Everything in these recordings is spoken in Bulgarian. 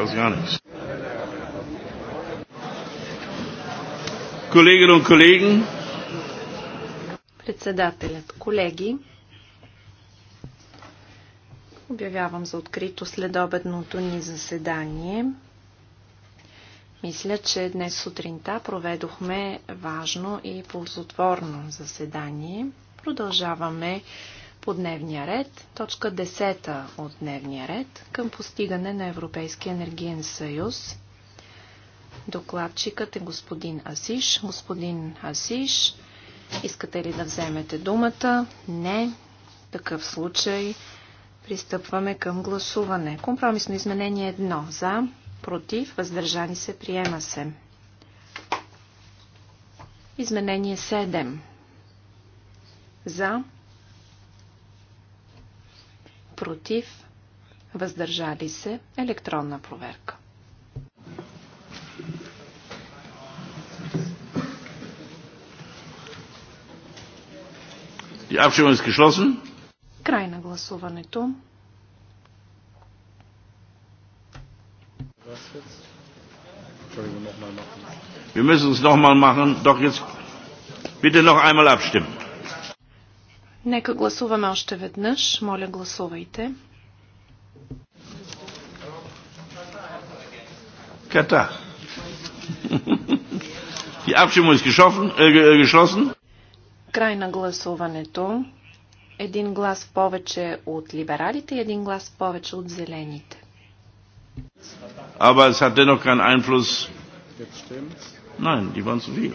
Das gar Kolleginnen und Kollegen. Председателят, колеги, обявявам за открито следобедното ни заседание. Мисля, че днес сутринта проведохме важно и ползотворно заседание. Продължаваме по дневния ред, точка 10 от дневния ред към постигане на Европейския енергиен съюз. Докладчикът е господин Асиш. Господин Асиш, искате ли да вземете думата? Не. В такъв случай пристъпваме към гласуване. Компромисно изменение 1. За, против, въздържани се, приема се. Изменение 7. За, против, въздържали се, електронна проверка. Край на гласуването. Wir müssen es nochmal machen. Doch jetzt bitte noch einmal abstimmen. Нека гласуваме още веднъж. Моля, гласувайте. Ката. Die Abstimmung ist äh, äh, geschlossen. Край на гласуването. Един глас повече от либералите и един глас повече от зелените. Aber es hat dennoch keinen Einfluss. Nein, die waren zu viel.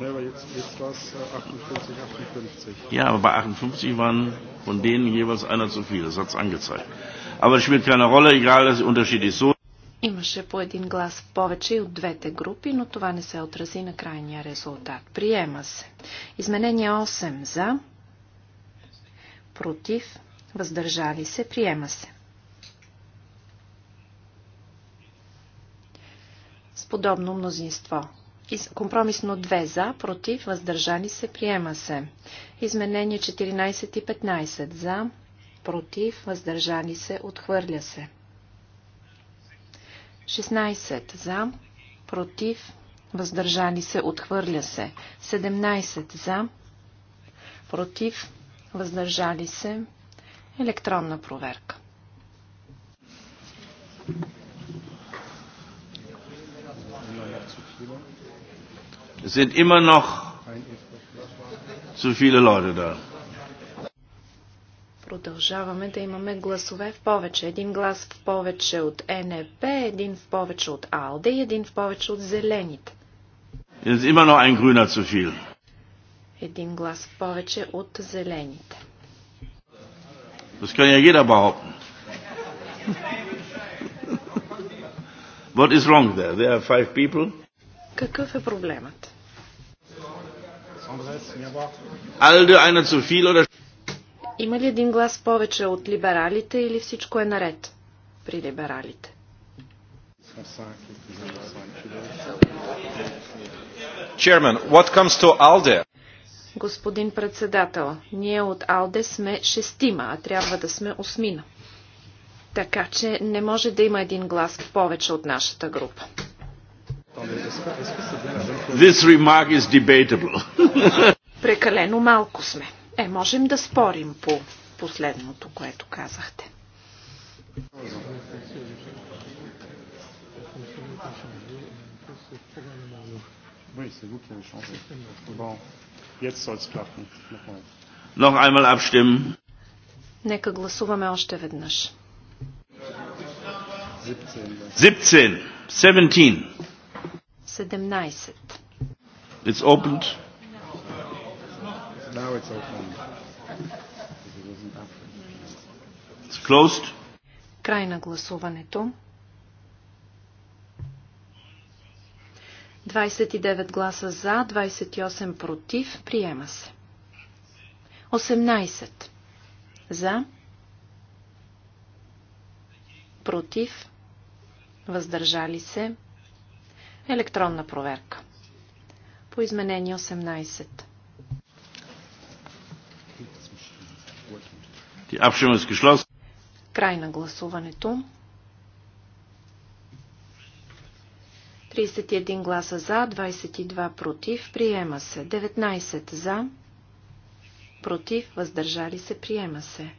Ja, aber jetzt, jetzt war es 58, 58. Ja, aber bei 58 waren von denen jeweils einer zu viel. Das hat es angezeigt. Aber es spielt keine Rolle, egal, der Unterschied ist so. Имаше по един глас повече и от двете групи, но това не се отрази на крайния резултат. Приема се. Изменение 8 за, против, въздържали се, приема се. С подобно мнозинство. Компромисно 2 за, против, въздържани се, приема се. Изменение 14 и 15 за, против, въздържани се, отхвърля се. 16 за, против, въздържани се, отхвърля се. 17 за, против, въздържали се, електронна проверка. Thank you. Es sind immer noch zu viele Leute da. Продължаваме да имаме гласове в повече. Един глас в повече от НП, един в повече от АЛДЕ и един в повече от Зелените. Един глас в повече от Зелените. Das kann ja jeder behaupten. What is wrong there? There are five people. Какъв е проблемът? Има ли един глас повече от либералите или всичко е наред при либералите? Chairman, what comes to ALDE? Господин председател, ние от АЛДЕ сме шестима, а трябва да сме осмина. Така че не може да има един глас повече от нашата група. Ами, This remark is debatable. Прекалено малко сме. Е, можем да спорим по последното, което казахте. Нека гласуваме още веднъж. 17. 17. 17. It's opened. Now it's open. It's closed. Край на гласуването. 29 гласа за, 28 против. Приема се. 18 за, против, въздържали се, Електронна проверка. По изменение 18. Край на гласуването. 31 гласа за, 22 против, приема се. 19 за, против, въздържали се, приема се.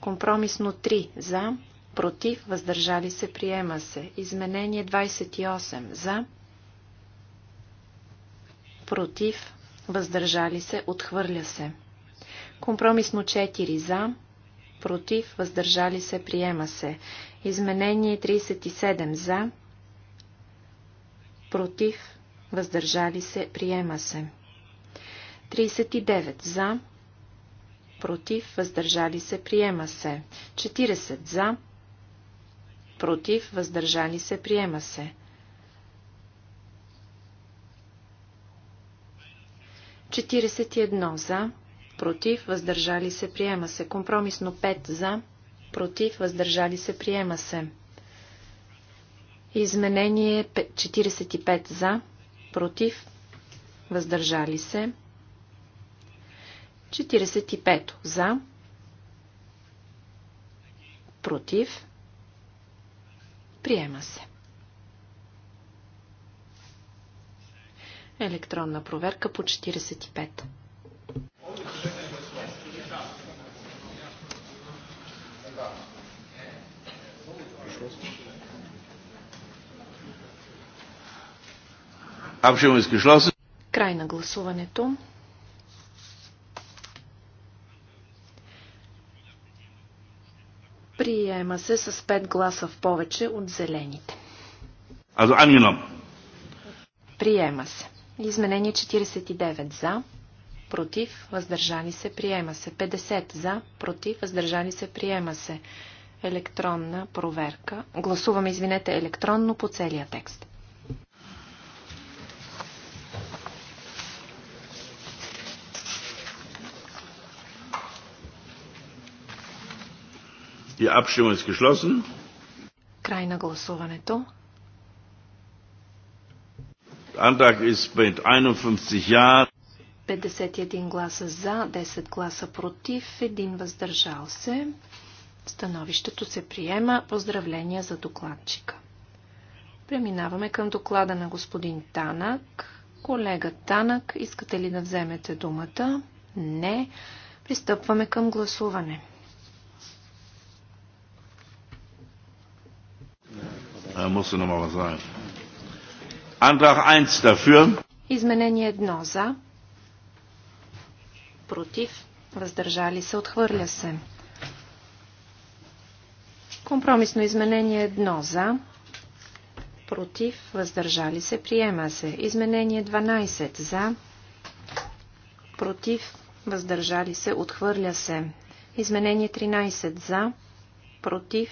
Компромисно 3 за, против, въздържали се, приема се. Изменение 28 за, против, въздържали се, отхвърля се. Компромисно 4 за, против, въздържали се, приема се. Изменение 37 за, против, въздържали се, приема се. 39 за, против, въздържали се, приема се. 40 за, против, въздържали се, приема се. 41 за, против, въздържали се, приема се. Компромисно 5 за, против, въздържали се, приема се. Изменение 45 за, против, въздържали се. 45 за, против, приема се. Електронна проверка по 45. Край на гласуването. Приема се с 5 гласа в повече от зелените. Приема се. Изменение 49 за, против, въздържани се, приема се. 50 за, против, въздържани се, приема се. Електронна проверка. Гласуваме, извинете, електронно по целия текст. Die Abstimmung ist geschlossen. Край на гласуването. Antrag ist mit 51 Ja. 51 гласа за, 10 гласа против, 1 въздържал се. Становището се приема. Поздравления за докладчика. Преминаваме към доклада на господин Танак. Колега Танак, искате ли да вземете думата? Не. Пристъпваме към гласуване. Е, Мусульмана заедно. Antrag 1 dafür. Изменение 1 за. Против. Въздържали се. Отхвърля се. Компромисно изменение 1 за. Против. Въздържали се. Приема се. Изменение 12 за. Против. Въздържали се. Отхвърля се. Изменение 13 за. Против.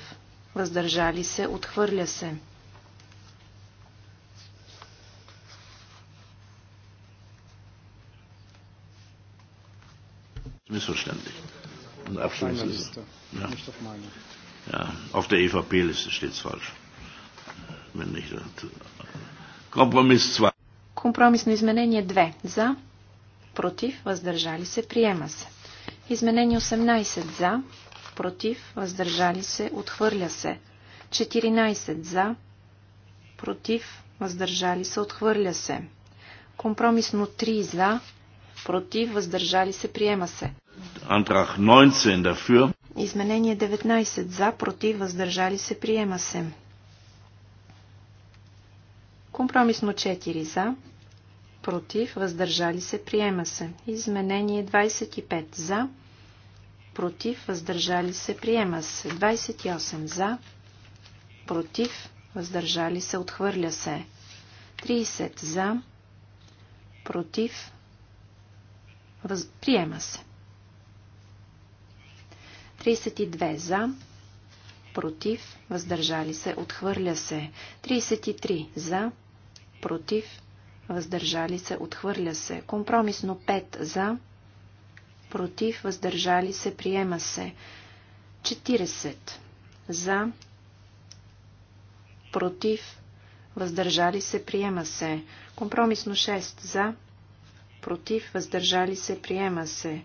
Въздържали се. Отхвърля се. missverständlich. Und Abstimmungsliste. Ja. Ja, auf der EVP-Liste steht es falsch. Wenn nicht, Kompromiss 2. Компромисно изменение 2. За. Против. Въздържали се. Приема се. Изменение 18. За. Против. Въздържали се. Отхвърля се. 14. За. Против. Въздържали се. Отхвърля се. Компромисно 3. За. Против. Въздържали се. Приема се. Антрах 19 Изменение 19 за, против, въздържали се, приема се. Компромисно 4 за, против, въздържали се, приема се. Изменение 25 за, против, въздържали се, приема се. 28 за, против, въздържали се, отхвърля се. 30 за, против, въз... приема се. 32 за, против, въздържали се, отхвърля се. 33 за, против, въздържали се, отхвърля се. Компромисно 5 за, против, въздържали се, приема се. 40 за, против, въздържали се, приема се. Компромисно 6 за, против, въздържали се, приема се.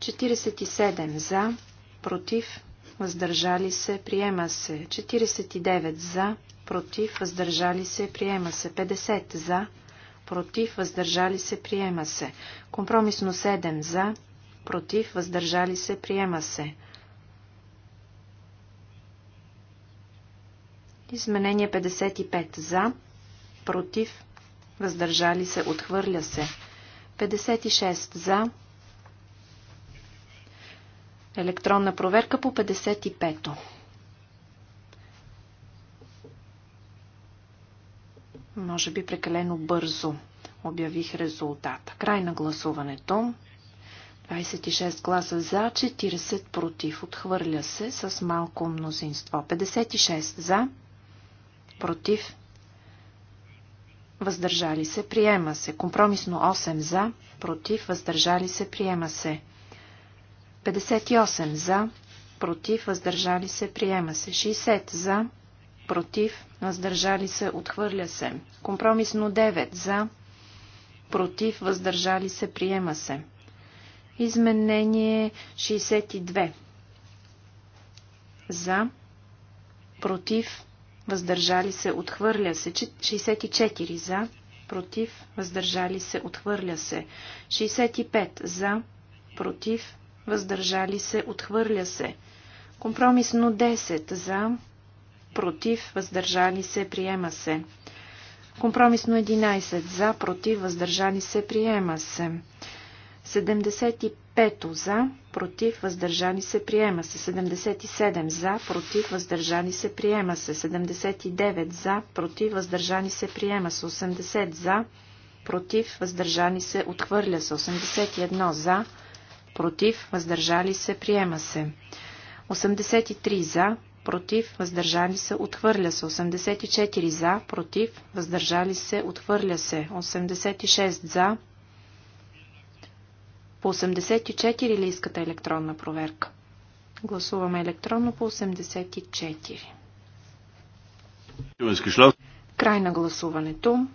47 за, против, въздържали се, приема се. 49 за, против, въздържали се, приема се. 50 за, против, въздържали се, приема се. Компромисно 7 за, против, въздържали се, приема се. Изменение 55 за, против, въздържали се, отхвърля се. 56 за, Електронна проверка по 55-то. Може би прекалено бързо обявих резултата. Край на гласуването. 26 гласа за, 40 против. Отхвърля се с малко мнозинство. 56 за, против. Въздържали се, приема се. Компромисно 8 за, против, въздържали се, приема се. 58 за, против, въздържали се, приема се. 60 за, против, въздържали се, отхвърля се. Компромисно 9 за, против, въздържали се, приема се. Изменение 62 за, против, въздържали се, отхвърля се. 64 за, против, въздържали се, отхвърля се. 65 за, против, въздържали се, отхвърля се. Компромисно 10 за, против, въздържали се, приема се. Компромисно 11 за, против, въздържали се, приема се. 75 за, против, въздържани се, приема се. 77 за, против, въздържани се, приема се. 79 за, против, въздържани се, приема се. 80 за, против, въздържани се, отхвърля се. 81 за, против, въздържали се, приема се. 83 за, против, въздържали се, отхвърля се. 84 за, против, въздържали се, отхвърля се. 86 за. По 84 ли искате електронна проверка? Гласуваме електронно по 84. Край на гласуването.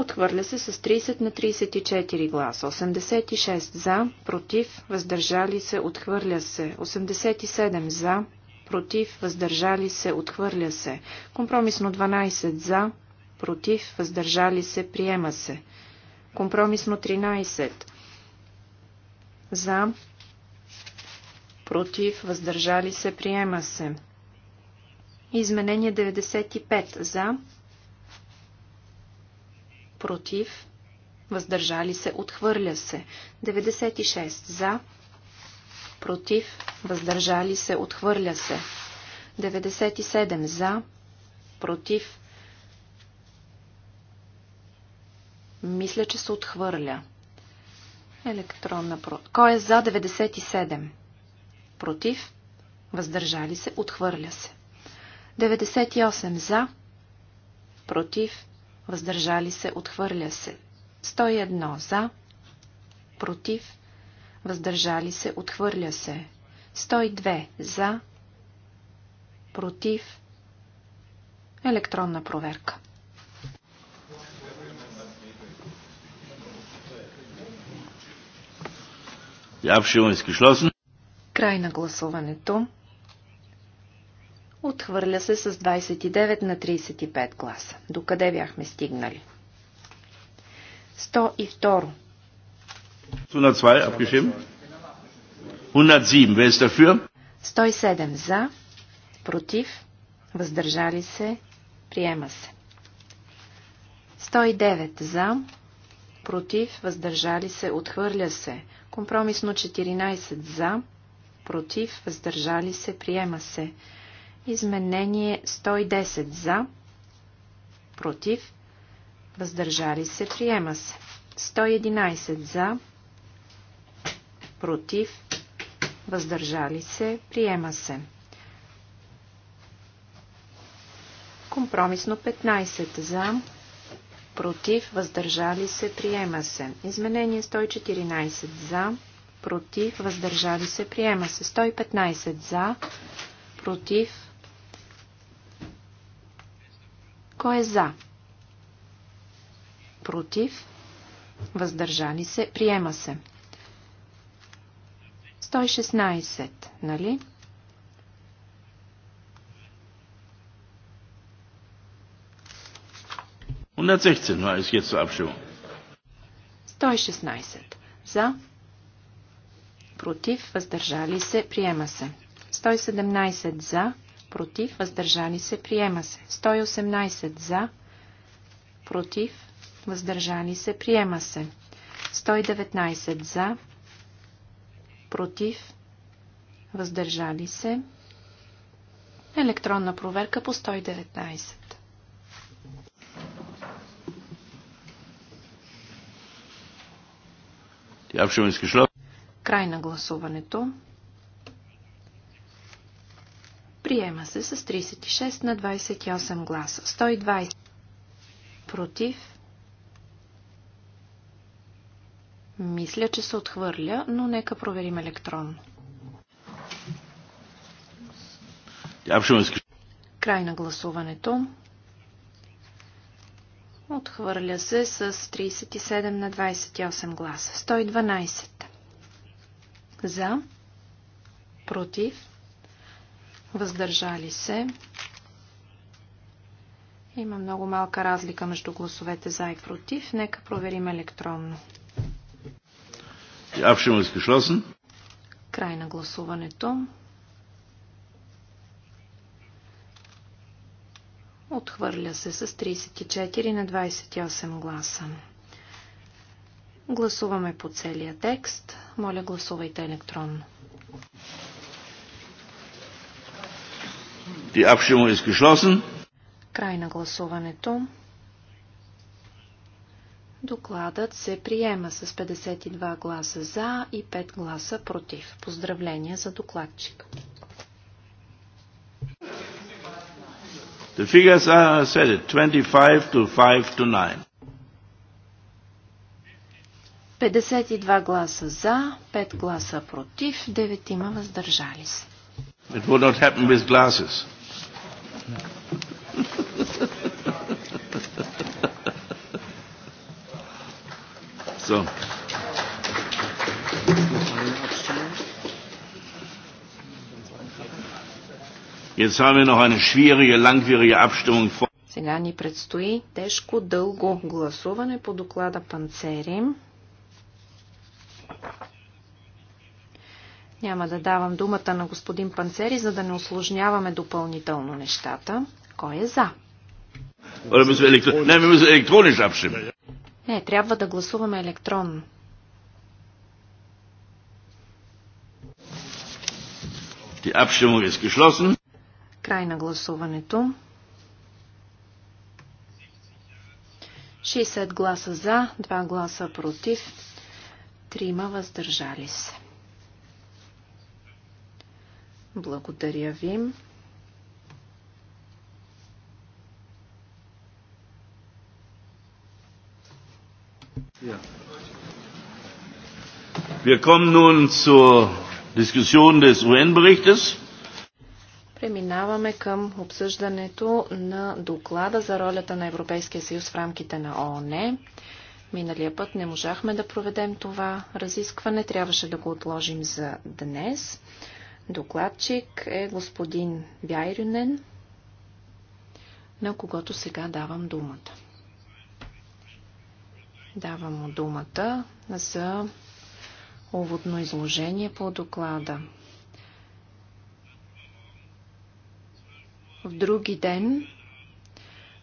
Отхвърля се с 30 на 34 гласа. 86 за, против, въздържали се, отхвърля се. 87 за, против, въздържали се, отхвърля се. Компромисно 12 за, против, въздържали се, приема се. Компромисно 13 за, против, въздържали се, приема се. Изменение 95 за, против, въздържали се, отхвърля се. 96 за, против, въздържали се, отхвърля се. 97 за, против, мисля, че се отхвърля. Електронна про... Кой е за 97? Против, въздържали се, отхвърля се. 98 за, против, въздържали се, отхвърля се. 101 за, против, въздържали се, отхвърля се. 102 за, против, електронна проверка. Край на гласуването. Отхвърля се с 29 на 35 гласа. Докъде бяхме стигнали? 102. 107. 107 за, против, въздържали се, приема се. 109 за, против, въздържали се, отхвърля се. Компромисно 14 за, против, въздържали се, приема се. Изменение 110 за, против, въздържали се, приема се. 111 за, против, въздържали се, приема се. Компромисно 15 за, против, въздържали се, приема се. Изменение 114 за, против, въздържали се, приема се. 115 за, против, Кой е за? Против? Въздържани се? Приема се. 116, нали? war 116. За. Против. Въздържали се. Приема се. 117. Нали? За против, въздържали се, приема се. 118 за, против, въздържали се, приема се. 119 за, против, въздържали се. Електронна проверка по 119. Край на гласуването. Приема се с 36 на 28 гласа. 120 против. Мисля, че се отхвърля, но нека проверим електронно. Край на гласуването. Отхвърля се с 37 на 28 гласа. 112. За. Против въздържали се. Има много малка разлика между гласовете за и против. Нека проверим електронно. Край на гласуването. Отхвърля се с 34 на 28 гласа. Гласуваме по целия текст. Моля, гласувайте електронно. Die Abstimmung ist geschlossen. Край на гласуването. Докладът се приема с 52 гласа за и 5 гласа против. Поздравления за докладчик. The figures are said it, 25 to 5 to 9. 52 гласа за, 5 гласа против, 9 има въздържали се. It would not happen with glasses. So. Jetzt haben wir noch eine schwierige, langwierige Abstimmung vor. Сега ни предстои тежко, дълго гласуване по доклада Панцерим. Няма да давам думата на господин Панцери, за да не осложняваме допълнително нещата. Кой е за? Не, трябва да гласуваме електронно. Край на гласуването. 60 гласа за, 2 гласа против, 3 въздържали се. Благодаря ви. Wir kommen nun zur Diskussion des UN-Berichtes. Преминаваме към обсъждането на доклада за ролята на Европейския съюз в рамките на ООН. Миналия път не можахме да проведем това разискване, трябваше да го отложим за днес. Докладчик е господин Вяйрюнен, на когото сега давам думата. Давам му думата за уводно изложение по доклада. В други ден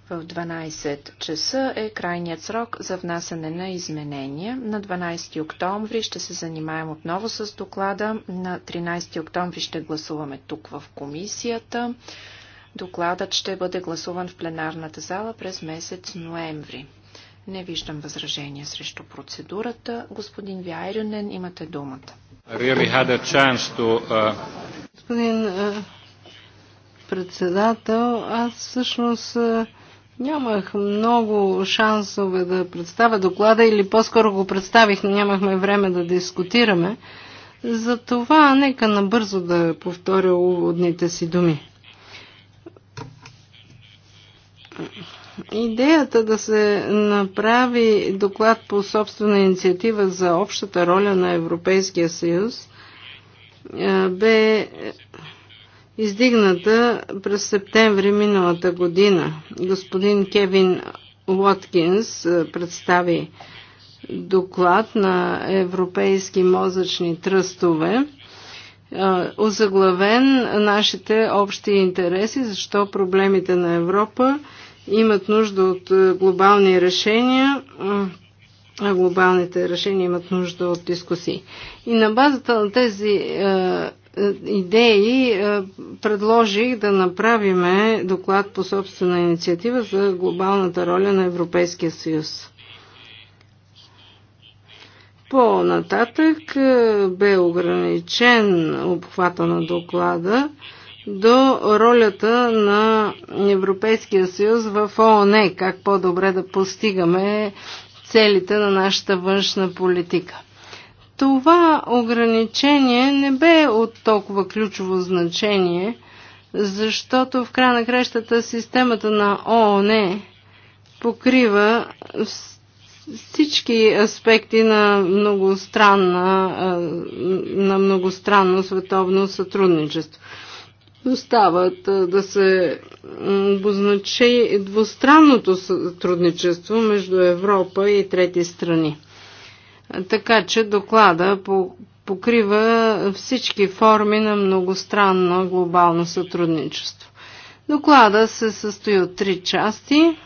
в 12 часа е крайният срок за внасяне на изменения. На 12 октомври ще се занимаем отново с доклада. На 13 октомври ще гласуваме тук в комисията. Докладът ще бъде гласуван в пленарната зала през месец ноември. Не виждам възражения срещу процедурата. Господин Вяйрюнен, имате думата. Really to, uh... Господин uh, председател, аз всъщност uh Нямах много шансове да представя доклада или по-скоро го представих, но нямахме време да дискутираме. Затова нека набързо да повторя уводните си думи. Идеята да се направи доклад по собствена инициатива за общата роля на Европейския съюз е, бе издигната през септември миналата година. Господин Кевин Уоткинс представи доклад на Европейски мозъчни тръстове, озаглавен нашите общи интереси, защо проблемите на Европа имат нужда от глобални решения, а глобалните решения имат нужда от дискусии. И на базата на тези идеи е, предложих да направиме доклад по собствена инициатива за глобалната роля на Европейския съюз. По-нататък е, бе ограничен обхвата на доклада до ролята на Европейския съюз в ООН, как по-добре да постигаме целите на нашата външна политика това ограничение не бе от толкова ключово значение, защото в края на кращата системата на ООН покрива всички аспекти на многостранна, на многостранно световно сътрудничество. Остават да се обозначи двустранното сътрудничество между Европа и трети страни. Така че доклада по покрива всички форми на многостранно глобално сътрудничество. Доклада се състои от три части.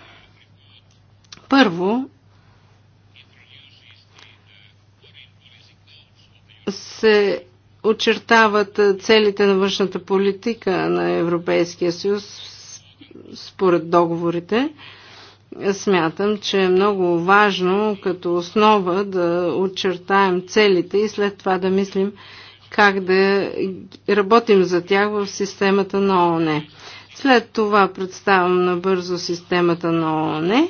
Първо, се очертават целите на външната политика на Европейския съюз според договорите. Смятам, че е много важно като основа да очертаем целите и след това да мислим как да работим за тях в системата на ООН. След това представям набързо системата на ООН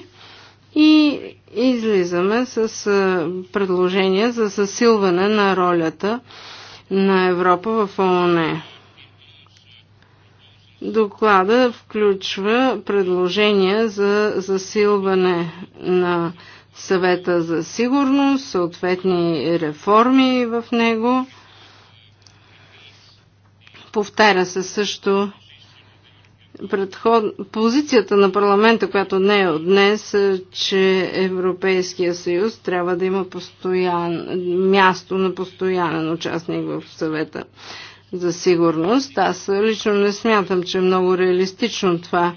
и излизаме с предложения за засилване на ролята на Европа в ООН. Доклада включва предложения за засилване на съвета за сигурност, съответни реформи в него. Повтаря се също предход... позицията на парламента, която не е от днес, че Европейския съюз трябва да има постоян... място на постоянен участник в съвета за сигурност. Аз лично не смятам, че е много реалистично това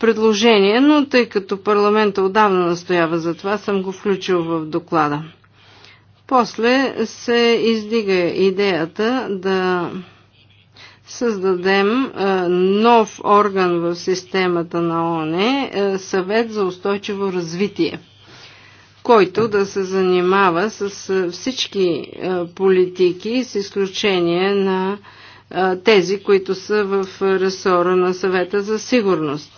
предложение, но тъй като парламента отдавна настоява за това, съм го включил в доклада. После се издига идеята да създадем нов орган в системата на ОНЕ, съвет за устойчиво развитие – който да се занимава с всички политики, с изключение на тези, които са в ресора на съвета за сигурност.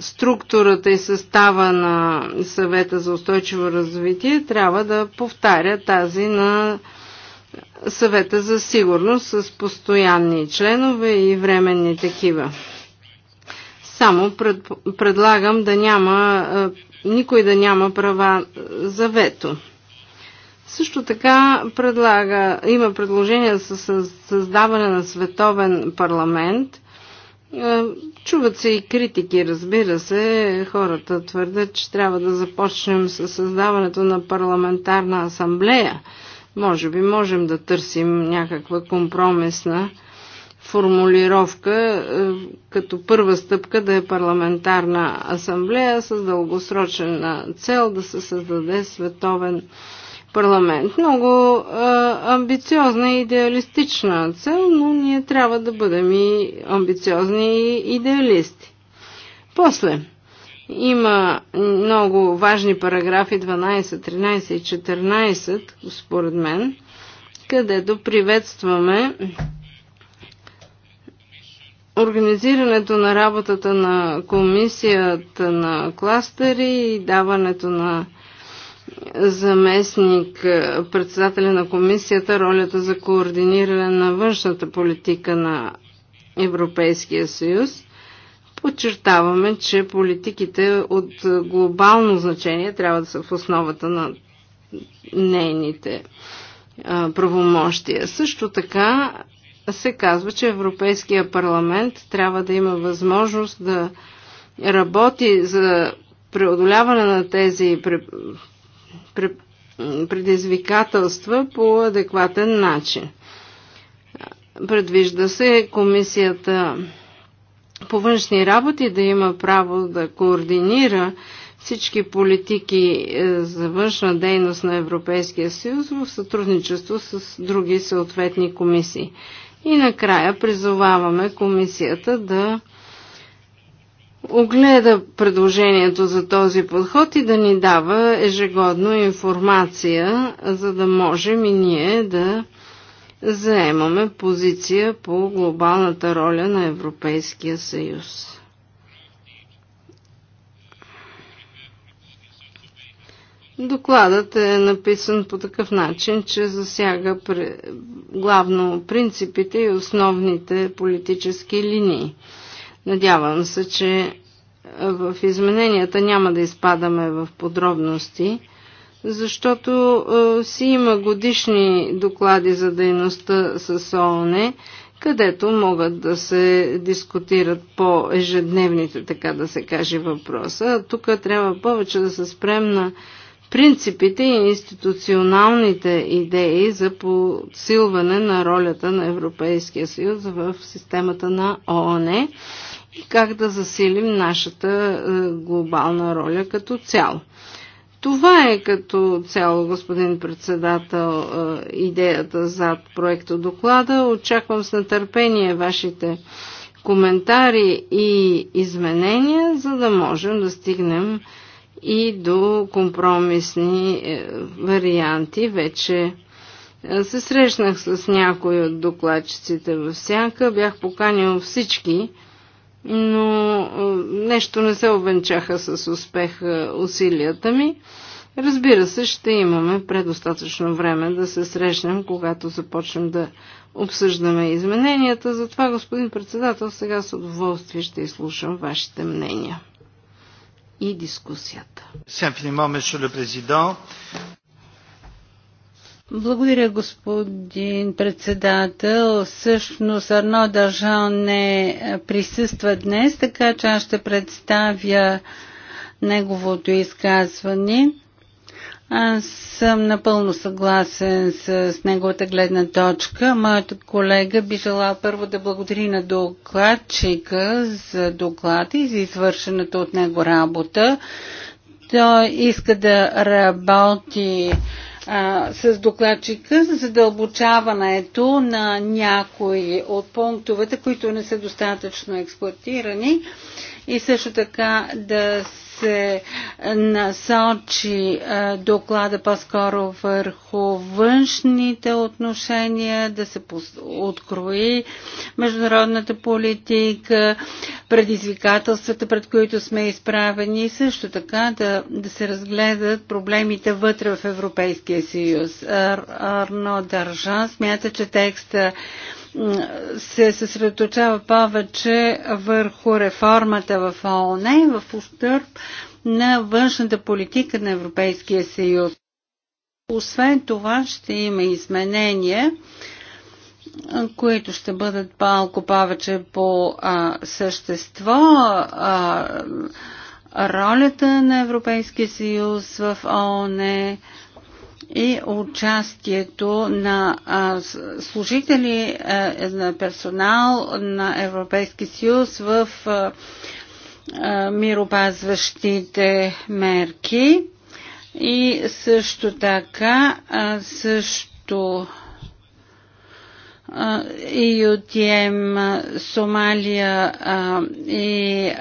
Структурата и състава на съвета за устойчиво развитие трябва да повтаря тази на съвета за сигурност с постоянни членове и временни такива. Само пред, предлагам да няма, никой да няма права за вето. Също така предлага, има предложение за създаване на световен парламент. Чуват се и критики, разбира се. Хората твърдят, че трябва да започнем с създаването на парламентарна асамблея. Може би можем да търсим някаква компромисна формулировка е, като първа стъпка да е парламентарна асамблея с дългосрочна цел да се създаде световен парламент. Много е, амбициозна и идеалистична цел, но ние трябва да бъдем и амбициозни и идеалисти. После има много важни параграфи 12, 13 и 14, според мен, където приветстваме организирането на работата на комисията на кластери и даването на заместник е, председателя на комисията ролята за координиране на външната политика на Европейския съюз. Подчертаваме, че политиките от глобално значение трябва да са в основата на нейните правомощия. Също така се казва, че Европейския парламент трябва да има възможност да работи за преодоляване на тези предизвикателства по адекватен начин. Предвижда се комисията по външни работи да има право да координира всички политики е, за външна дейност на Европейския съюз в сътрудничество с други съответни комисии. И накрая призоваваме комисията да огледа предложението за този подход и да ни дава ежегодно информация, за да можем и ние да заемаме позиция по глобалната роля на Европейския съюз. Докладът е написан по такъв начин, че засяга главно принципите и основните политически линии. Надявам се, че в измененията няма да изпадаме в подробности, защото е, си има годишни доклади за дейността с ООН, където могат да се дискутират по ежедневните, така да се каже, въпроса. Тук трябва повече да се спрем на принципите и институционалните идеи за подсилване на ролята на Европейския съюз в системата на ООН и как да засилим нашата е, глобална роля като цяло. Това е като цяло, господин председател, е, идеята зад проекта доклада. Очаквам с нетърпение вашите коментари и изменения, за да можем да стигнем и до компромисни е, варианти. Вече е, се срещнах с някои от докладчиците в сянка, бях поканил всички, но е, нещо не се обенчаха с успех усилията ми. Разбира се, ще имаме предостатъчно време да се срещнем, когато започнем да обсъждаме измененията. Затова, господин председател, сега с удоволствие ще изслушам вашите мнения и дискусията. Благодаря, господин председател. Всъщност Арно Държан не присъства днес, така че аз ще представя неговото изказване. Аз съм напълно съгласен с, с неговата гледна точка. Моят колега би желал първо да благодари на докладчика за доклада и за извършената от него работа. Той иска да работи а, с докладчика за задълбочаването на някои от пунктовете, които не са достатъчно експлуатирани и също така да се е, насочи е, доклада по-скоро върху външните отношения, да се открои международната политика, предизвикателствата, пред които сме изправени и също така да, да се разгледат проблемите вътре в Европейския съюз. Арно Държан смята, че текста се съсредоточава повече върху реформата в ООН и в устърп на външната политика на Европейския съюз. Освен това ще има изменения, които ще бъдат малко повече по а, същество. А, ролята на Европейския съюз в ООН, и участието на служители на персонал на Европейски съюз в миропазващите мерки и също така също ИЮТМ Сомалия и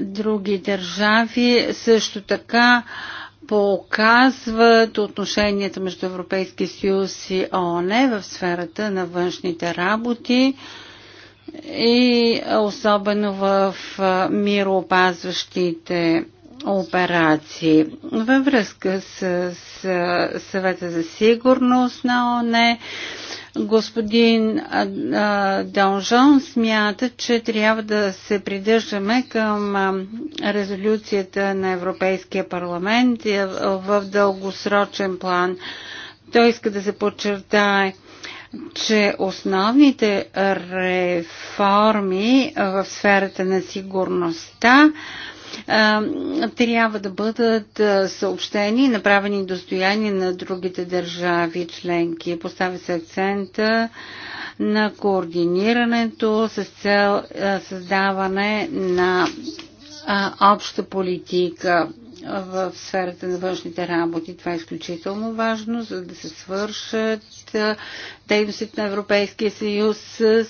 други държави също така показват отношенията между Европейския съюз и ООН в сферата на външните работи и особено в мироопазващите операции. Във връзка с, с съвета за сигурност на ОНЕ, Господин Донжон смята, че трябва да се придържаме към резолюцията на Европейския парламент е, в дългосрочен план. Той иска да се подчертае че основните реформи в сферата на сигурността трябва да бъдат съобщени и направени достояние на другите държави членки. Поставя се акцента на координирането с цел създаване на обща политика в сферата на външните работи. Това е изключително важно, за да се свършат дейностите на Европейския съюз с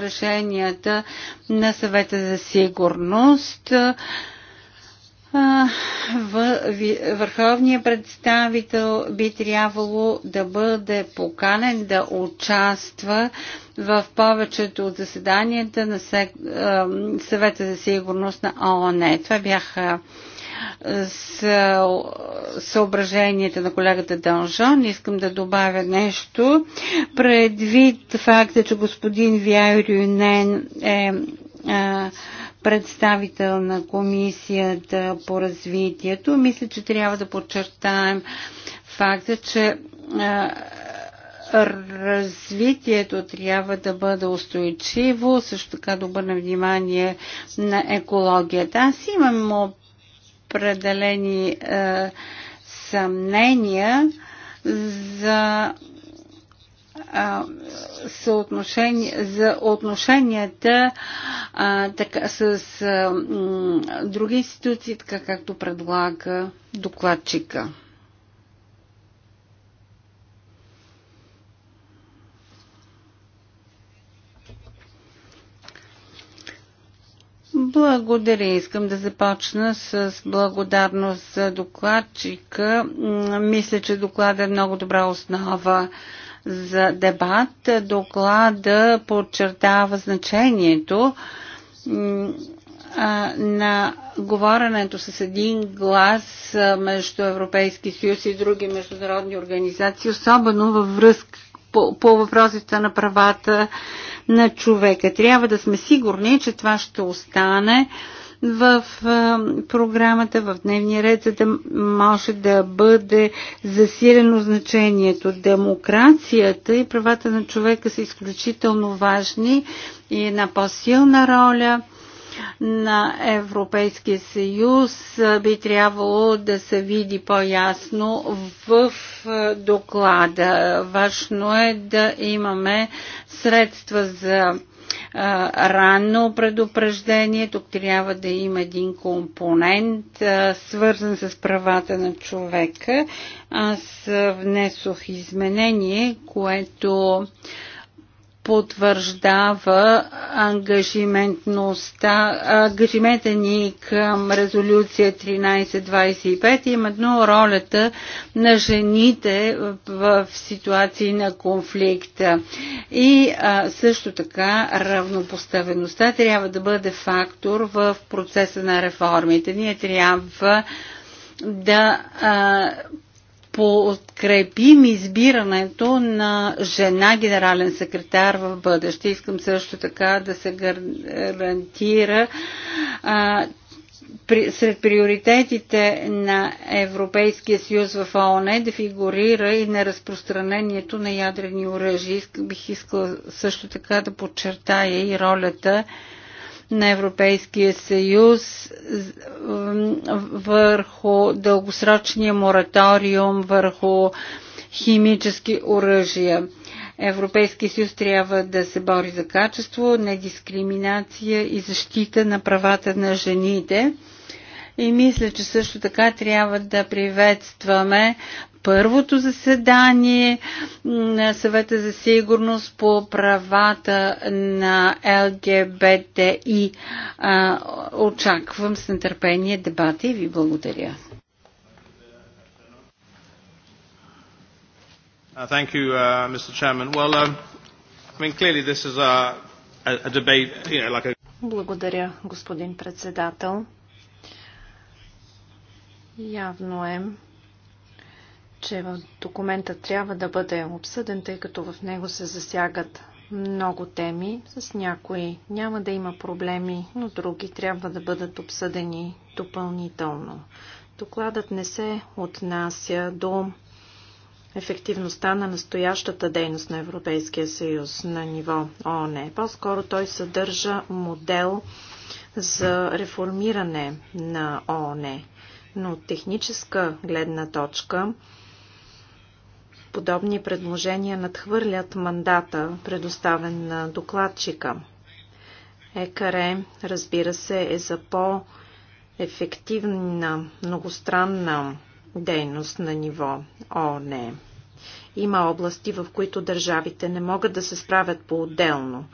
решенията на съвета за сигурност върховният представител би трябвало да бъде поканен да участва в повечето от заседанията на съвета за сигурност на ООН. Това бяха съображенията на колегата Дължон. Искам да добавя нещо. Предвид факта, че господин Вяй Рюнен е представител на комисията по развитието. Мисля, че трябва да подчертаем факта, че развитието трябва да бъде устойчиво, също така да обърна внимание на екологията. Аз имам определени е, съмнения за за отношенията а, така, с а, м, други институции, така както предлага докладчика. Благодаря. Искам да започна с благодарност за докладчика. Мисля, че доклада е много добра основа за дебат. Доклада подчертава значението на говоренето с един глас между Европейски съюз и други международни организации, особено във връзка по, по въпросите на правата на човека. Трябва да сме сигурни, че това ще остане а, в програмата, в дневния ред, за да може да бъде засилено значението. Демокрацията и правата на човека са изключително важни и е една по-силна роля на Европейския съюз би трябвало да се види по-ясно в доклада. Важно е да имаме средства за ранно предупреждение. Тук трябва да има един компонент, свързан с правата на човека. Аз внесох изменение, което потвърждава ангажиментността, ангажимента ни към резолюция 1325, именно ролята на жените в ситуации на конфликта. И а, също така равнопоставеността трябва да бъде фактор в процеса на реформите. Ние трябва да а, подкрепим избирането на жена генерален секретар в бъдеще. Искам също така да се гарантира а, при, сред приоритетите на Европейския съюз в ООН е да фигурира и на разпространението на ядрени оръжия. Бих искала също така да подчертая и ролята на Европейския съюз върху дългосрочния мораториум върху химически оръжия. Европейския съюз трябва да се бори за качество, недискриминация и защита на правата на жените. И мисля, че също така трябва да приветстваме първото заседание на съвета за сигурност по правата на ЛГБТИ. Очаквам с нетърпение дебата и ви благодаря. Uh, thank you, uh, Mr. Chairman. Well, um, I mean, clearly this is a, a, a debate, you know, like a... Благодаря, господин председател. Явно е, че документът трябва да бъде обсъден, тъй като в него се засягат много теми. С някои няма да има проблеми, но други трябва да бъдат обсъдени допълнително. Докладът не се отнася до ефективността на настоящата дейност на Европейския съюз на ниво ООН. По-скоро той съдържа модел за реформиране на ООН. Но от техническа гледна точка подобни предложения надхвърлят мандата, предоставен на докладчика. ЕКАРЕ, разбира се, е за по-ефективна многостранна дейност на ниво ООН. Има области, в които държавите не могат да се справят по-отделно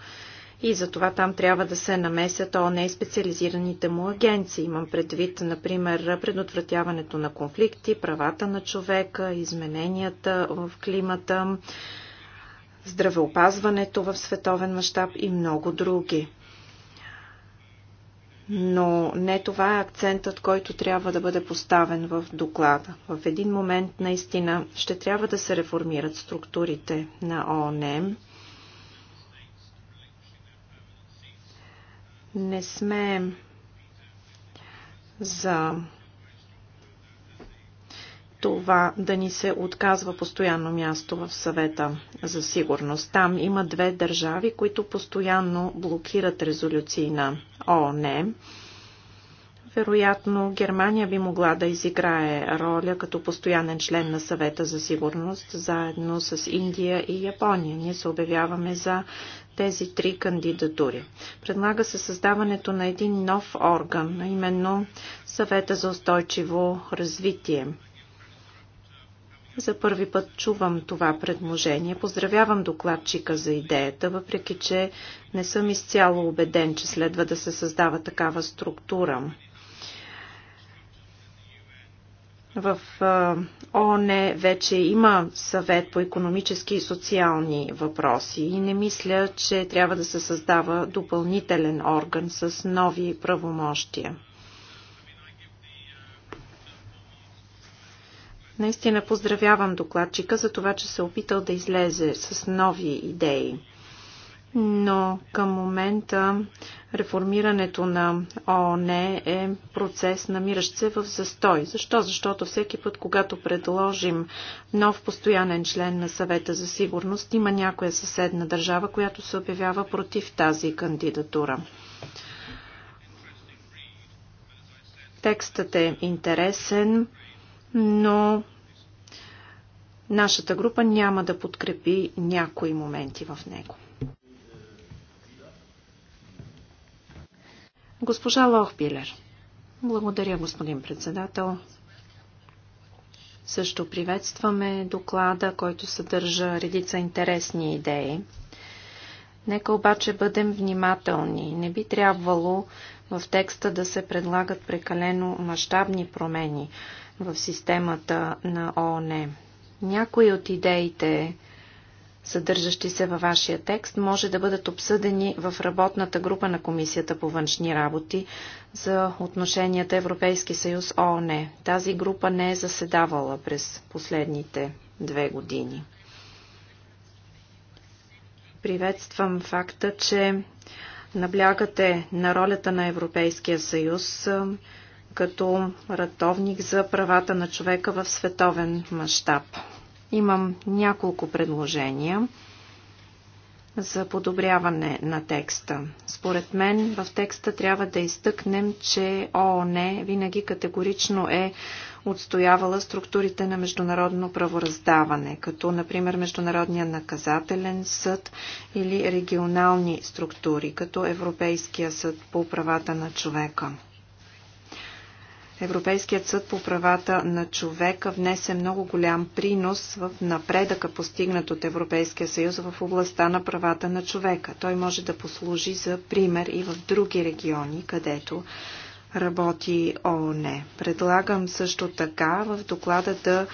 и затова там трябва да се намесят ОНЕ и специализираните му агенции. Имам предвид, например, предотвратяването на конфликти, правата на човека, измененията в климата, здравеопазването в световен мащаб и много други. Но не това е акцентът, който трябва да бъде поставен в доклада. В един момент наистина ще трябва да се реформират структурите на ООН, Не сме за това да ни се отказва постоянно място в съвета за сигурност. Там има две държави, които постоянно блокират резолюции на ООН. Вероятно Германия би могла да изиграе роля като постоянен член на съвета за сигурност, заедно с Индия и Япония. Ние се обявяваме за тези три кандидатури. Предлага се създаването на един нов орган, а именно съвета за устойчиво развитие. За първи път чувам това предложение. Поздравявам докладчика за идеята, въпреки че не съм изцяло убеден, че следва да се създава такава структура. В ООН вече има съвет по економически и социални въпроси и не мисля, че трябва да се създава допълнителен орган с нови правомощия. Наистина поздравявам докладчика за това, че се е опитал да излезе с нови идеи но към момента реформирането на ООН е процес, намиращ се в застой. Защо? Защото всеки път, когато предложим нов постоянен член на съвета за сигурност, има някоя съседна държава, която се обявява против тази кандидатура. Текстът е интересен, но нашата група няма да подкрепи някои моменти в него. Госпожа Лохпилер, Благодаря, господин председател. Също приветстваме доклада, който съдържа редица интересни идеи. Нека обаче бъдем внимателни. Не би трябвало в текста да се предлагат прекалено мащабни промени в системата на ООН. Някои от идеите, съдържащи се във вашия текст, може да бъдат обсъдени в работната група на Комисията по външни работи за отношенията Европейски съюз ООН. Тази група не е заседавала през последните две години. Приветствам факта, че наблягате на ролята на Европейския съюз като ратовник за правата на човека в световен мащаб. Имам няколко предложения за подобряване на текста. Според мен в текста трябва да изтъкнем, че ООН винаги категорично е отстоявала структурите на международно правораздаване, като например Международния наказателен съд или регионални структури, като Европейския съд по правата на човека. Европейският съд по правата на човека внесе много голям принос в напредъка, постигнат от Европейския съюз в областта на правата на човека. Той може да послужи за пример и в други региони, където работи ООН. Предлагам също така в доклада да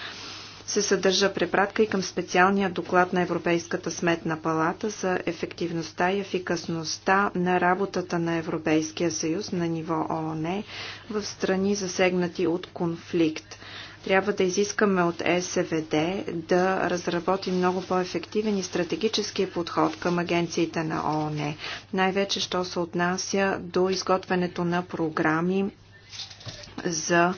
се съдържа препратка и към специалния доклад на Европейската сметна палата за ефективността и ефикасността на работата на Европейския съюз на ниво ООН в страни засегнати от конфликт трябва да изискаме от СВД да разработи много по-ефективен и стратегически подход към агенциите на ООН. Най-вече, що се отнася до изготвянето на програми за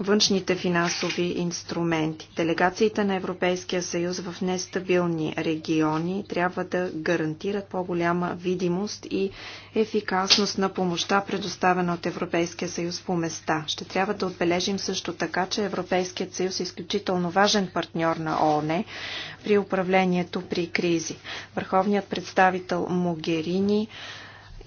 външните финансови инструменти. Делегациите на Европейския съюз в нестабилни региони трябва да гарантират по-голяма видимост и ефикасност на помощта, предоставена от Европейския съюз по места. Ще трябва да отбележим също така, че Европейският съюз е изключително важен партньор на ООН при управлението при кризи. Върховният представител Могерини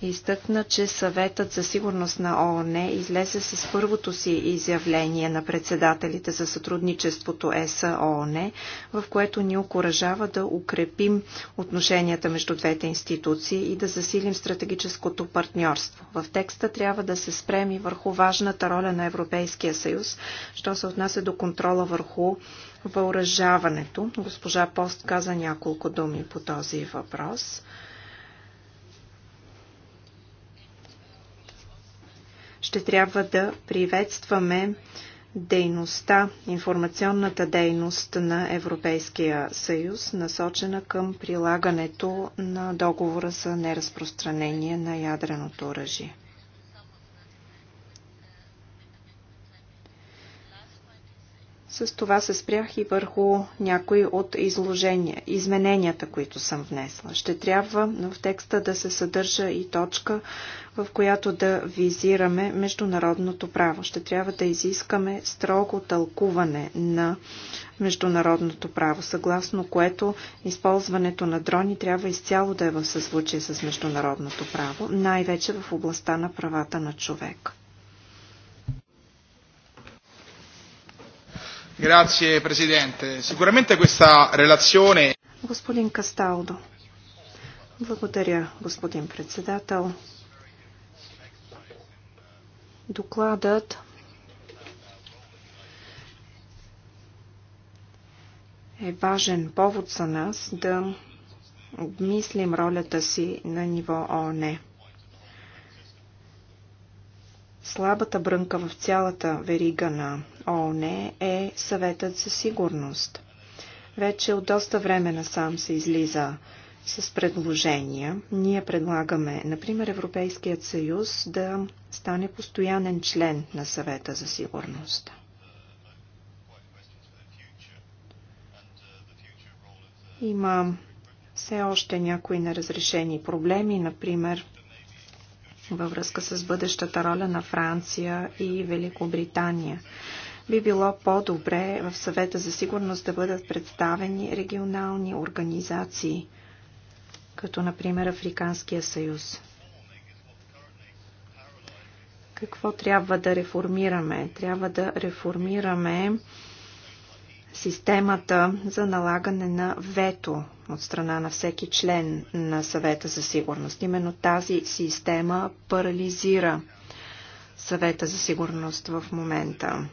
изтъкна, че съветът за сигурност на ООН излезе с първото си изявление на председателите за сътрудничеството ЕС-ООН, в което ни окоръжава да укрепим отношенията между двете институции и да засилим стратегическото партньорство. В текста трябва да се спреми върху важната роля на Европейския съюз, що се отнася до контрола върху въоръжаването. Госпожа Пост каза няколко думи по този въпрос. ще трябва да приветстваме дейността, информационната дейност на Европейския съюз, насочена към прилагането на договора за неразпространение на ядреното оръжие. С това се спрях и върху някои от изложения, измененията, които съм внесла. Ще трябва в текста да се съдържа и точка, в която да визираме международното право. Ще трябва да изискаме строго тълкуване на международното право, съгласно което използването на дрони трябва изцяло да е в съзвучие с международното право, най-вече в областта на правата на човека. Grazie Presidente. Sicuramente questa relazione... Господин Касталдо. Благодаря, господин председател. Докладът е важен повод за нас да обмислим ролята си на ниво ООН. Слабата брънка в цялата верига на ООН е съветът за сигурност. Вече от доста време насам се излиза с предложения. Ние предлагаме, например, Европейският съюз да стане постоянен член на съвета за сигурност. Има все още някои неразрешени проблеми, например във връзка с бъдещата роля на Франция и Великобритания. Би било по-добре в съвета за сигурност да бъдат представени регионални организации, като например Африканския съюз. Какво трябва да реформираме? Трябва да реформираме системата за налагане на вето от страна на всеки член на съвета за сигурност. Именно тази система парализира съвета за сигурност в момента.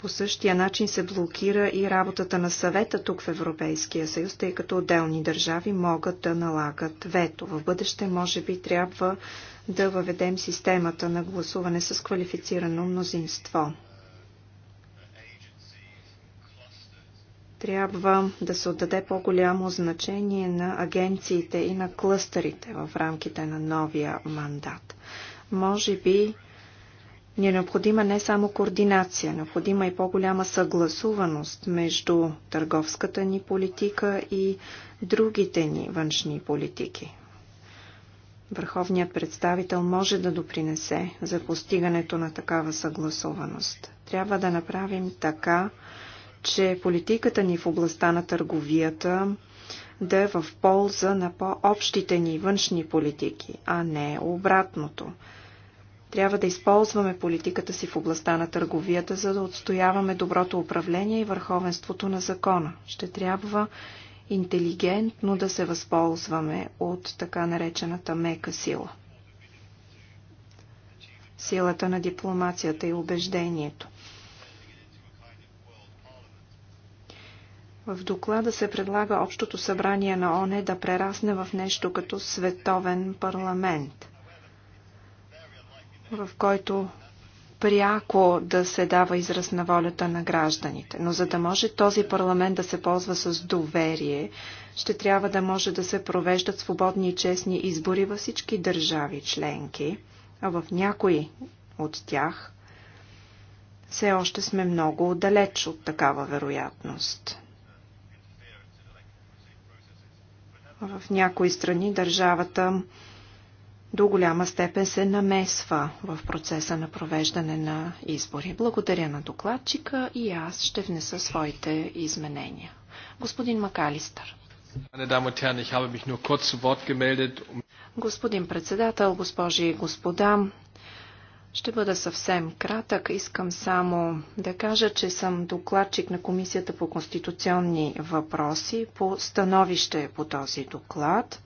По същия начин се блокира и работата на съвета тук в Европейския съюз, тъй като отделни държави могат да налагат вето. В бъдеще може би трябва да въведем системата на гласуване с квалифицирано мнозинство. Трябва да се отдаде по-голямо значение на агенциите и на клъстерите в рамките на новия мандат. Може би ни е необходима не само координация, необходима и по-голяма съгласуваност между търговската ни политика и другите ни външни политики. Върховният представител може да допринесе за постигането на такава съгласуваност. Трябва да направим така, че политиката ни в областта на търговията да е в полза на по-общите ни външни политики, а не обратното – трябва да използваме политиката си в областта на търговията, за да отстояваме доброто управление и върховенството на закона. Ще трябва интелигентно да се възползваме от така наречената мека сила. Силата на дипломацията и убеждението. В доклада се предлага Общото събрание на ОНЕ да прерасне в нещо като световен парламент в който пряко да се дава израз на волята на гражданите. Но за да може този парламент да се ползва с доверие, ще трябва да може да се провеждат свободни и честни избори във всички държави членки, а в някои от тях все още сме много далеч от такава вероятност. В някои страни държавата до голяма степен се намесва в процеса на провеждане на избори. Благодаря на докладчика и аз ще внеса своите изменения. Господин Макалистър. Um Господин председател, госпожи и господа, ще бъда съвсем кратък. Искам само да кажа, че съм докладчик на Комисията по конституционни въпроси по становище по този доклад.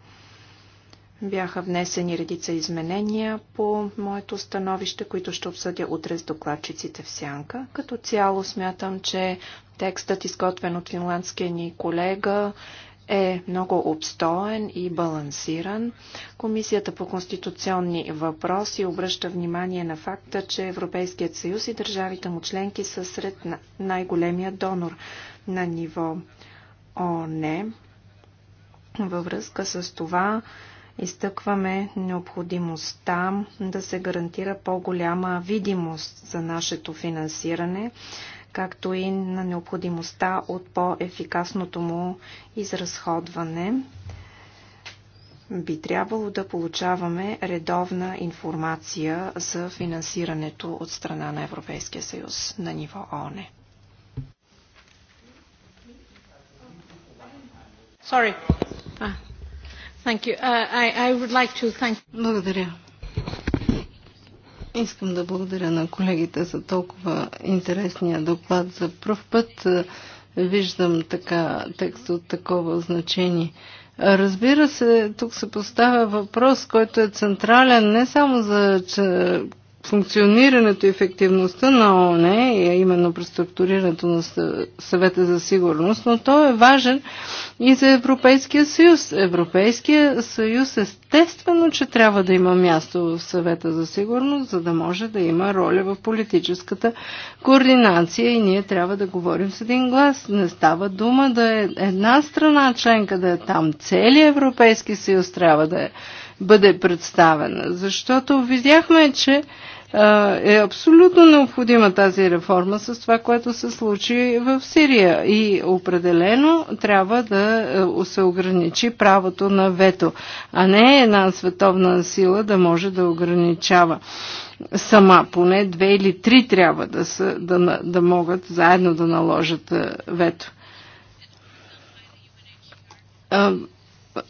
Бяха внесени редица изменения по моето становище, които ще обсъдя утре с докладчиците в Сянка. Като цяло смятам, че текстът, изготвен от финландския ни колега, е много обстоен и балансиран. Комисията по конституционни въпроси обръща внимание на факта, че Европейският съюз и държавите му членки са сред най-големия донор на ниво ОНЕ Във връзка с това изтъкваме необходимостта да се гарантира по-голяма видимост за нашето финансиране, както и на необходимостта от по-ефикасното му изразходване. Би трябвало да получаваме редовна информация за финансирането от страна на Европейския съюз на ниво ОНЕ. Sorry. Ah. Uh, благодаря. Искам да благодаря на колегите за толкова интересния доклад. За първ път виждам така текст от такова значение. Разбира се, тук се поставя въпрос, който е централен не само за функционирането и ефективността на ООН, е именно структурирането на съвета за сигурност, но то е важен и за Европейския съюз. Европейския съюз естествено, че трябва да има място в съвета за сигурност, за да може да има роля в политическата координация и ние трябва да говорим с един глас. Не става дума да е една страна членка да е там. Целият Европейски съюз трябва да е бъде представена. Защото видяхме, че е абсолютно необходима тази реформа с това, което се случи в Сирия. И определено трябва да е, се ограничи правото на вето, а не една световна сила да може да ограничава сама. Поне две или три трябва да, са, да, да могат заедно да наложат е, вето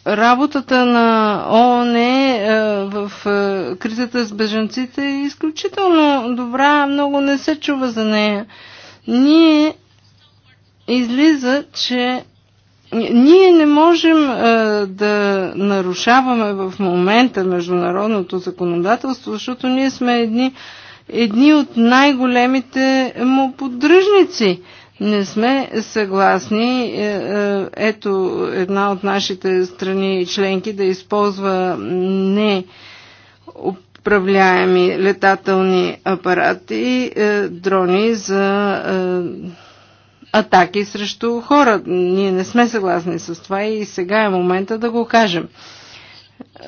работата на ООН е, е, в е, кризата с бежанците е изключително добра, много не се чува за нея. Ние излиза, че ние не можем е, да нарушаваме в момента международното законодателство, защото ние сме едни, едни от най-големите му поддръжници не сме съгласни е, е, ето една от нашите страни членки да използва не управляеми летателни апарати, е, дрони за атаки срещу хора. Ние не сме съгласни с това и сега е момента да го кажем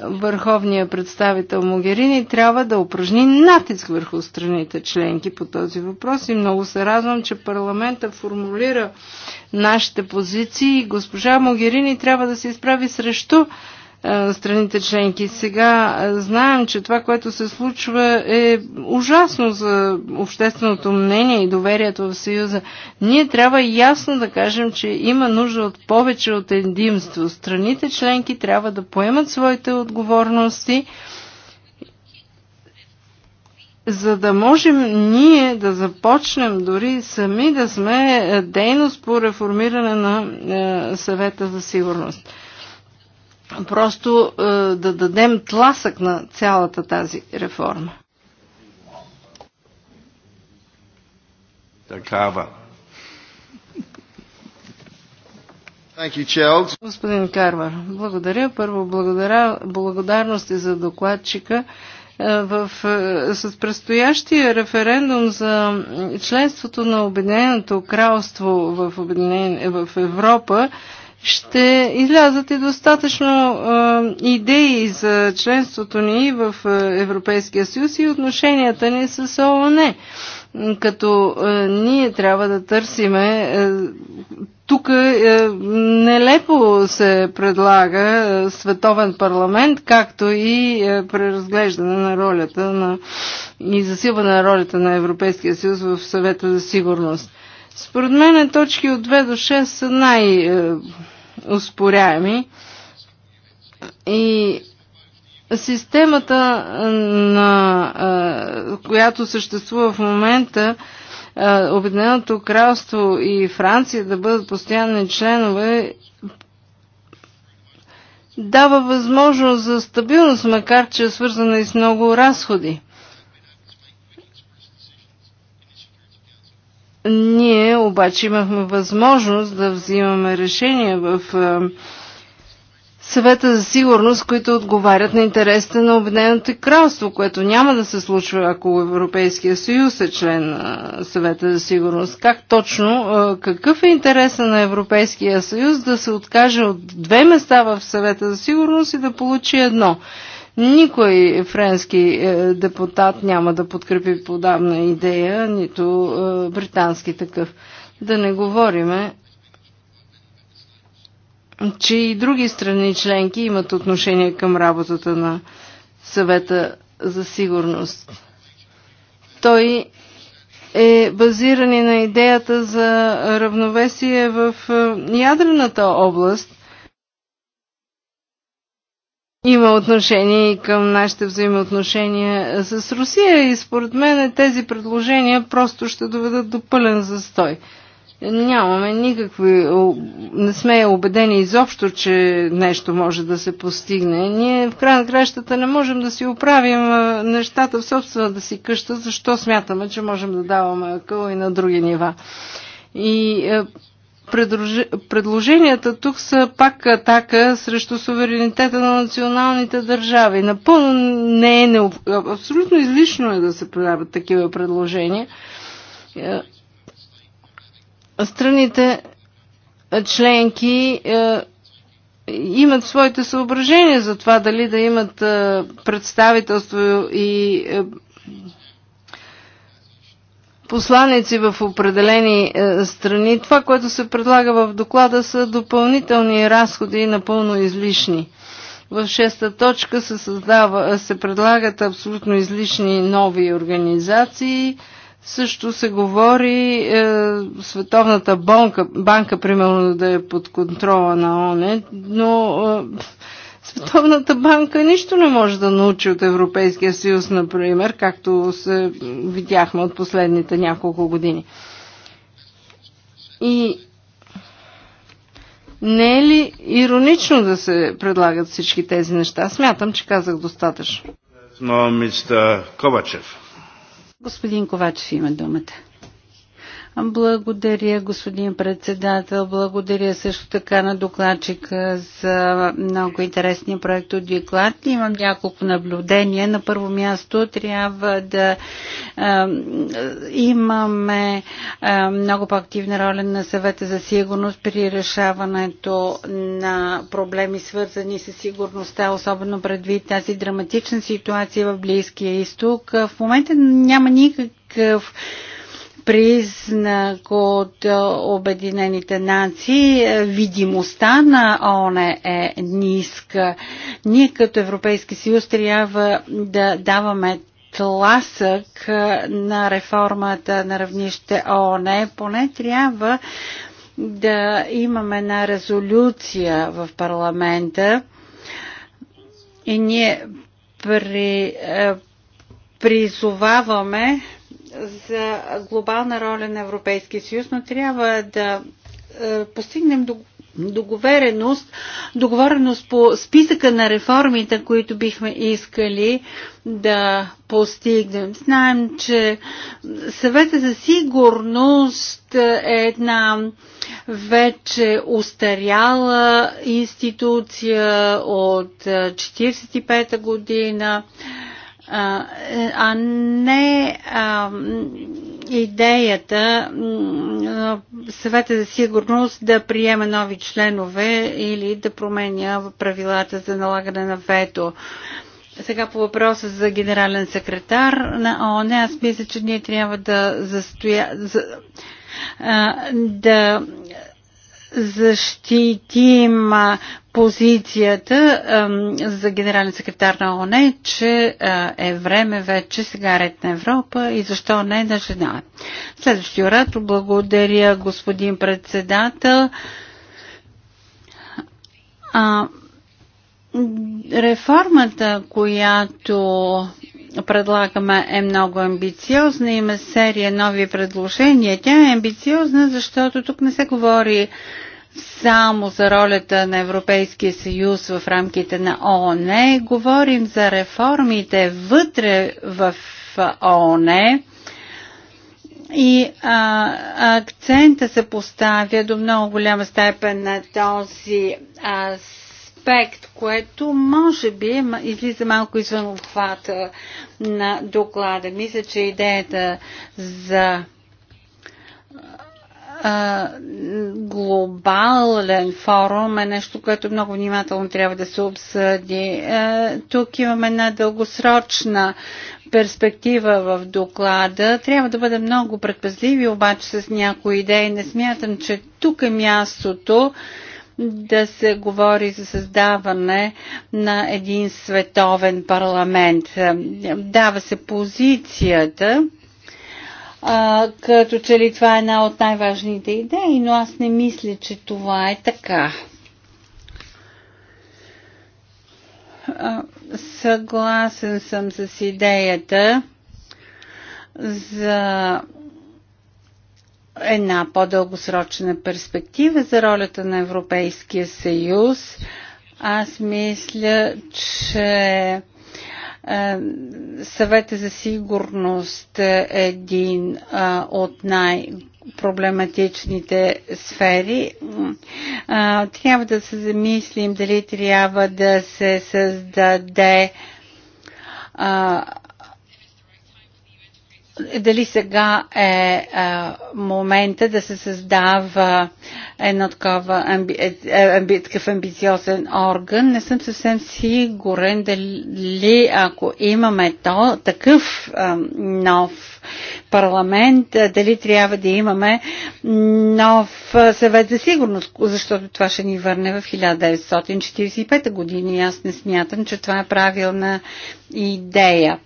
върховния представител Могерини трябва да упражни натиск върху страните членки по този въпрос и много се радвам, че парламента формулира нашите позиции и госпожа Могерини трябва да се изправи срещу е, страните членки. Сега е, знаем, че това, което се случва е ужасно за общественото мнение и доверието в Съюза. Ние трябва ясно да кажем, че има нужда от повече от единство. Страните членки трябва да поемат своите отговорности, за да можем ние да започнем дори сами да сме е, дейност по реформиране на съвета за сигурност просто е, да дадем тласък на цялата тази реформа. Такава. You, Господин Карвар, благодаря. Първо благодаря, благодарности за докладчика. Е, в, е, с предстоящия референдум за членството на Обединеното кралство в, Обединен, в Европа ще излязат и достатъчно е, идеи за членството ни в Европейския съюз и отношенията ни с ООН. Като е, ние трябва да търсиме. Е, тук е, нелепо се предлага е, световен парламент, както и е, преразглеждане на ролята на, и засилване на ролята на Европейския съюз в съвета за сигурност. Според мен точки от 2 до 6 са най- успоряеми. И системата, на, която съществува в момента, Обединеното кралство и Франция да бъдат постоянни членове, дава възможност за стабилност, макар че е свързана и с много разходи. Ние обаче имахме възможност да взимаме решения в е, съвета за сигурност, които отговарят на интересите на Обединеното кралство, което няма да се случва, ако Европейския съюз е член на е, съвета за сигурност. Как точно, е, какъв е интереса на Европейския съюз да се откаже от две места в съвета за сигурност и да получи едно? Никой френски е, депутат няма да подкрепи подобна идея, нито е, британски такъв. Да не говориме, че и други страни членки имат отношение към работата на съвета за сигурност. Той е базиран и на идеята за равновесие в е, ядрената област – има отношение и към нашите взаимоотношения с Русия и според мен тези предложения просто ще доведат до пълен застой. Нямаме никакви, не сме убедени изобщо, че нещо може да се постигне. Ние в край на кращата не можем да си оправим нещата в собствената да си къща, защо смятаме, че можем да даваме акъл и на други нива. И е, предложенията тук са пак атака срещу суверенитета на националните държави. Напълно не е необ... абсолютно излишно е да се правят такива предложения. Е, страните е, членки е, имат своите съображения за това дали да имат представителство и посланици в определени е, страни. Това, което се предлага в доклада, са допълнителни разходи и напълно излишни. В шеста точка се, създава, се предлагат абсолютно излишни нови организации. Също се говори е, Световната банка, банка, примерно, да е под контрола на ОНЕ, но е, Световната банка нищо не може да научи от Европейския съюз, например, както се видяхме от последните няколко години. И не е ли иронично да се предлагат всички тези неща? Смятам, че казах достатъчно. Но, мистер Ковачев. Господин Ковачев има думата. Благодаря, господин председател. Благодаря също така на докладчика за много интересния проект от доклад. Имам няколко наблюдения. На първо място трябва да а, имаме а, много по-активна роля на съвета за сигурност при решаването на проблеми, свързани с сигурността, особено предвид тази драматична ситуация в Близкия изток. В момента няма никакъв признак от е, Обединените нации, е, видимостта на ОНЕ е ниска. Ние като Европейски съюз трябва да даваме тласък е, на реформата на равнище ООН, поне трябва да имаме една резолюция в парламента и ние при, призоваваме за глобална роля на Европейския съюз, но трябва да е, постигнем договореност, договореност по списъка на реформите, които бихме искали да постигнем. Знаем, че съвета за сигурност е една вече устаряла институция от 1945 е, година а не а, идеята съвета за сигурност да приема нови членове или да променя правилата за налагане на вето. Сега по въпроса за генерален секретар на ООН, аз мисля, че ние трябва да застоя, за, а, да защитим позицията за генерален секретар на ОНЕ, че е време вече сега е ред на Европа и защо не на жена. Следващия оратор благодаря господин председател. Реформата, която предлагаме е много амбициозна. Има серия нови предложения. Тя е амбициозна, защото тук не се говори само за ролята на Европейския съюз в рамките на ООН. Говорим за реформите вътре в ООН. И а, акцента се поставя до много голяма степен на този а, аспект, което може би излиза малко извън обхвата на доклада. Мисля, че идеята за глобален форум е нещо, което много внимателно трябва да се обсъди. Тук имаме една дългосрочна перспектива в доклада. Трябва да бъдем много предпазливи обаче с някои идеи. Не смятам, че тук е мястото да се говори за създаване на един световен парламент. Дава се позицията, а, като че ли това е една от най-важните идеи, но аз не мисля, че това е така. А, съгласен съм с идеята за една по-дългосрочна перспектива за ролята на Европейския съюз. Аз мисля, че е, съвета за сигурност е един от най- проблематичните сфери. трябва да се замислим дали трябва да се създаде дали сега е а, е, момента да се създава едно такова амби, е, е, амби, такъв амбициозен орган. Не съм съвсем сигурен дали ако имаме то, такъв а, нов парламент, дали трябва да имаме нов съвет за сигурност, защото това ще ни върне в 1945 година и аз не смятам, че това е правилна идея.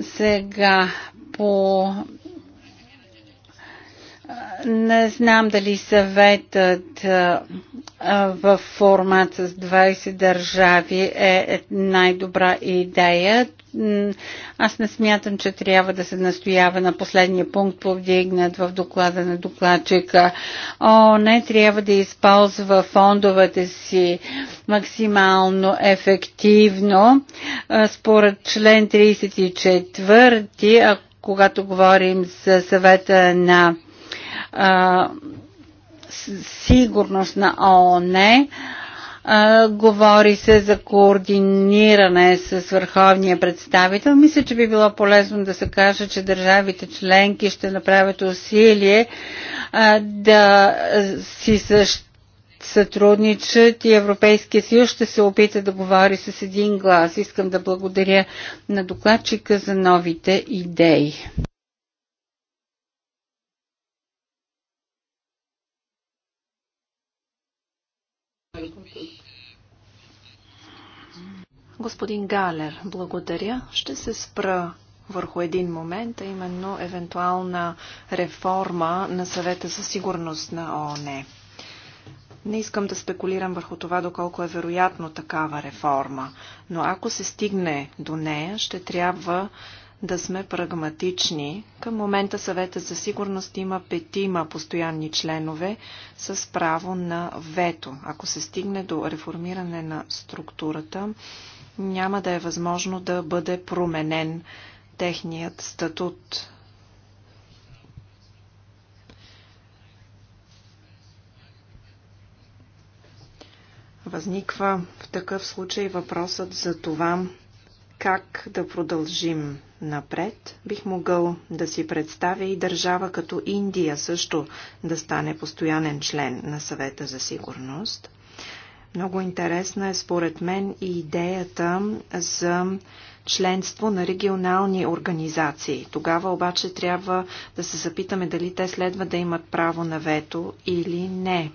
Сега по не знам дали съветът в формат с 20 държави е, е най-добра идея. Аз не смятам, че трябва да се настоява на последния пункт, повдигнат в доклада на докладчика. О, не трябва да използва фондовете си максимално ефективно. Според член 34, когато говорим за съвета на сигурност на ООН. говори се за координиране с върховния представител. Мисля, че би било полезно да се каже, че държавите членки ще направят усилие да си сътрудничат и Европейския съюз ще се опита да говори с един глас. Искам да благодаря на докладчика за новите идеи. Господин Галер, благодаря. Ще се спра върху един момент, а именно евентуална реформа на съвета за сигурност на ООН. Не искам да спекулирам върху това, доколко е вероятно такава реформа, но ако се стигне до нея, ще трябва да сме прагматични. Към момента съвета за сигурност има петима постоянни членове с право на вето. Ако се стигне до реформиране на структурата, няма да е възможно да бъде променен техният статут. Възниква в такъв случай въпросът за това как да продължим напред. Бих могъл да си представя и държава като Индия също да стане постоянен член на съвета за сигурност – много интересна е според мен и идеята за членство на регионални организации. Тогава обаче трябва да се запитаме дали те следва да имат право на вето или не.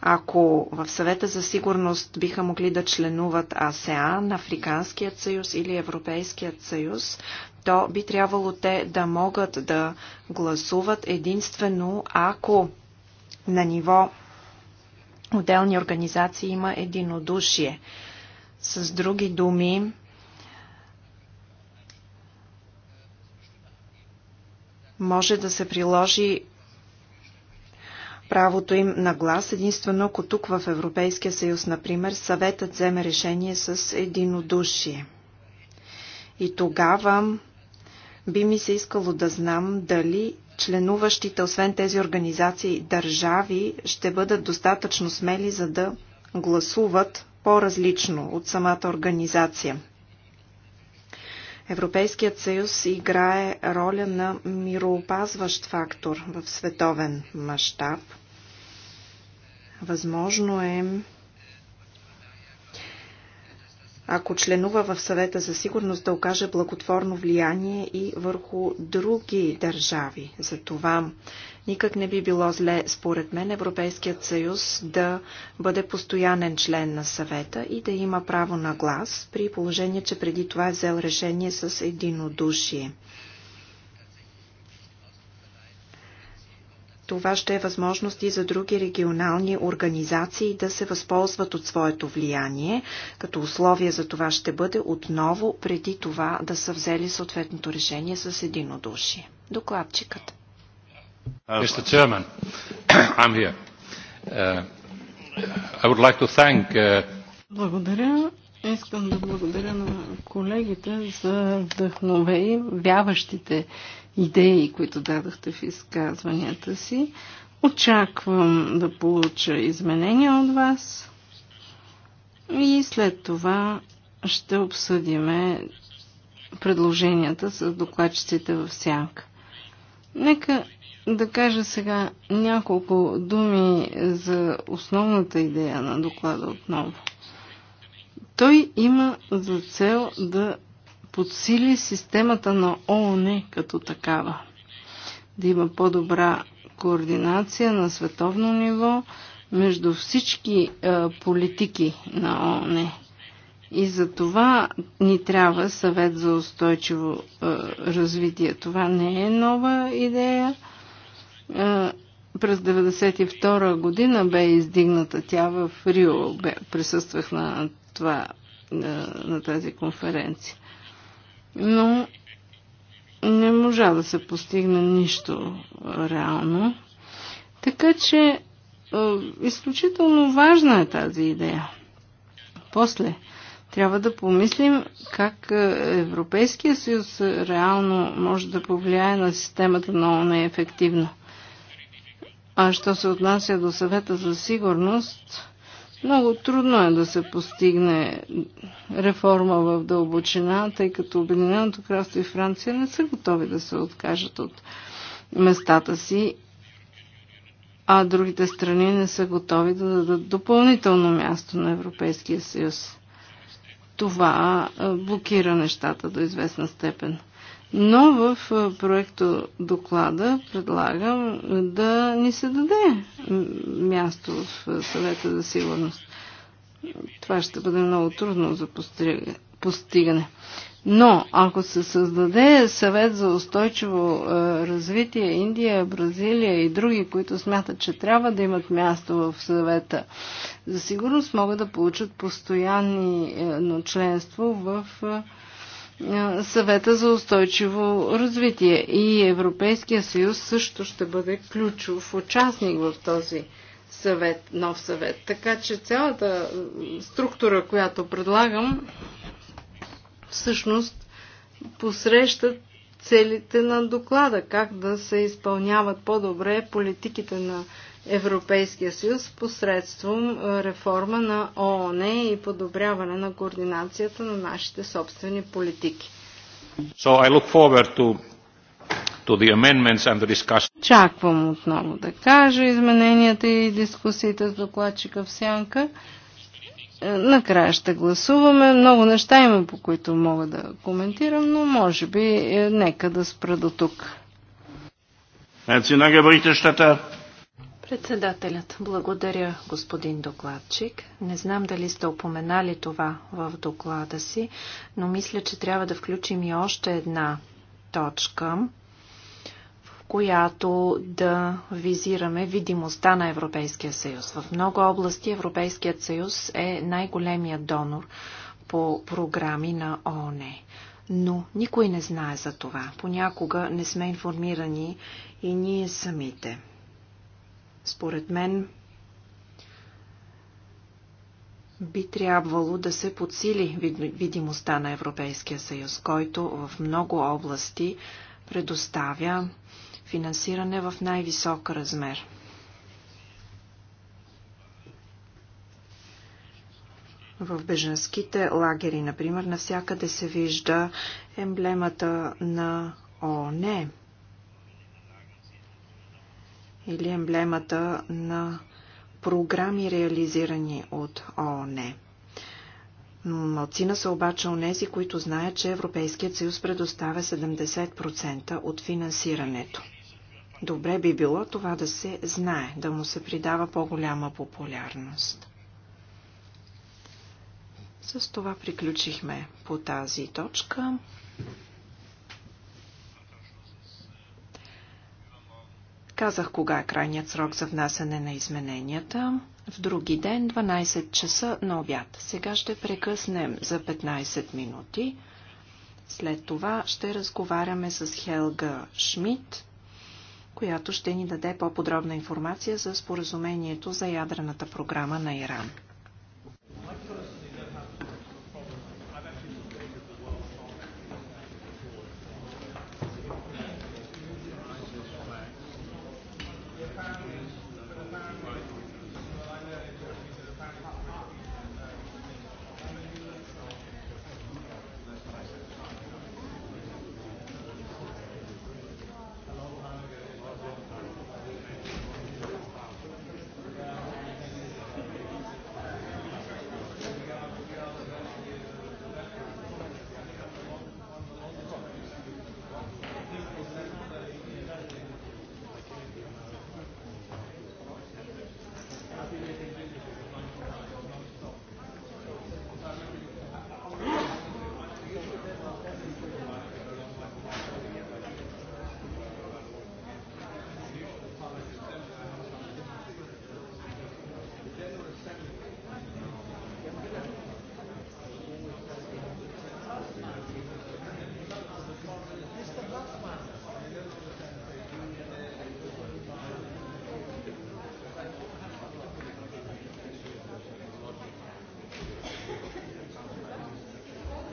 Ако в съвета за сигурност биха могли да членуват АСЕАН, Африканският съюз или Европейският съюз, то би трябвало те да могат да гласуват единствено ако на ниво отделни организации има единодушие. С други думи, може да се приложи правото им на глас, единствено ако тук в Европейския съюз, например, съветът вземе решение с единодушие. И тогава би ми се искало да знам дали членуващите, освен тези организации, държави ще бъдат достатъчно смели, за да гласуват по-различно от самата организация. Европейският съюз играе роля на мироопазващ фактор в световен мащаб. Възможно е ако членува в съвета за сигурност, да окаже благотворно влияние и върху други държави. За това никак не би било зле, според мен, Европейският съюз да бъде постоянен член на съвета и да има право на глас, при положение, че преди това е взел решение с единодушие. Това ще е възможност и за други регионални организации да се възползват от своето влияние, като условие за това ще бъде отново преди това да са взели съответното решение с единодушие. Докладчикът. Uh, Mr. Chairman, I'm here. Uh, I would like to thank uh... Благодаря. Искам да благодаря на колегите за вдъхновение, вяващите идеи, които дадахте в изказванията си. Очаквам да получа изменения от вас и след това ще обсъдиме предложенията с докладчиците в сянка. Нека да кажа сега няколко думи за основната идея на доклада отново. Той има за цел да подсили системата на ООН като такава, да има по-добра координация на световно ниво между всички е, политики на ООН. И за това ни трябва съвет за устойчиво е, развитие. Това не е нова идея. Е, през 1992 година бе издигната тя в Рио. Бе, присъствах на, това, е, на тази конференция. Но не можа да се постигне нищо реално. Така че е, изключително важна е тази идея. После трябва да помислим как е, Европейския съюз реално може да повлияе на системата на ООН ефективно. А що се отнася до съвета за сигурност, много трудно е да се постигне реформа в дълбочина, тъй като Обединеното кралство и Франция не са готови да се откажат от местата си, а другите страни не са готови да дадат допълнително място на Европейския съюз. Това блокира нещата до известна степен. Но в проекто доклада предлагам да ни се даде място в съвета за сигурност. Това ще бъде много трудно за постигане. Но ако се създаде съвет за устойчиво развитие, Индия, Бразилия и други, които смятат, че трябва да имат място в съвета, за сигурност могат да получат постоянно членство в съвета за устойчиво развитие. И Европейския съюз също ще бъде ключов участник в този съвет, нов съвет. Така че цялата структура, която предлагам, всъщност посрещат целите на доклада, как да се изпълняват по-добре политиките на Европейския съюз посредством е, реформа на ООН и подобряване на координацията на нашите собствени политики. So I look forward to to the amendments and the discussion. Чаквам отново да кажа измененията и дискусиите с докладчика в сянка. Е, накрая ще гласуваме. Много неща има, по които мога да коментирам, но може би е, нека да спра до тук. Herr Председателят, благодаря, господин докладчик. Не знам дали сте упоменали това в доклада си, но мисля, че трябва да включим и още една точка, в която да визираме видимостта на Европейския съюз. В много области Европейският съюз е най-големият донор по програми на ООН но никой не знае за това. Понякога не сме информирани и ние самите. Според мен би трябвало да се подсили видимостта на Европейския съюз, който в много области предоставя финансиране в най-висок размер. В беженските лагери, например, навсякъде се вижда емблемата на ООН или емблемата на програми, реализирани от ООН. Малцина са обаче онези, които знаят, че Европейският съюз предоставя 70% от финансирането. Добре би било това да се знае, да му се придава по-голяма популярност. С това приключихме по тази точка. Казах кога е крайният срок за внасяне на измененията. В други ден, 12 часа на обяд. Сега ще прекъснем за 15 минути. След това ще разговаряме с Хелга Шмидт, която ще ни даде по-подробна информация за споразумението за ядрената програма на Иран.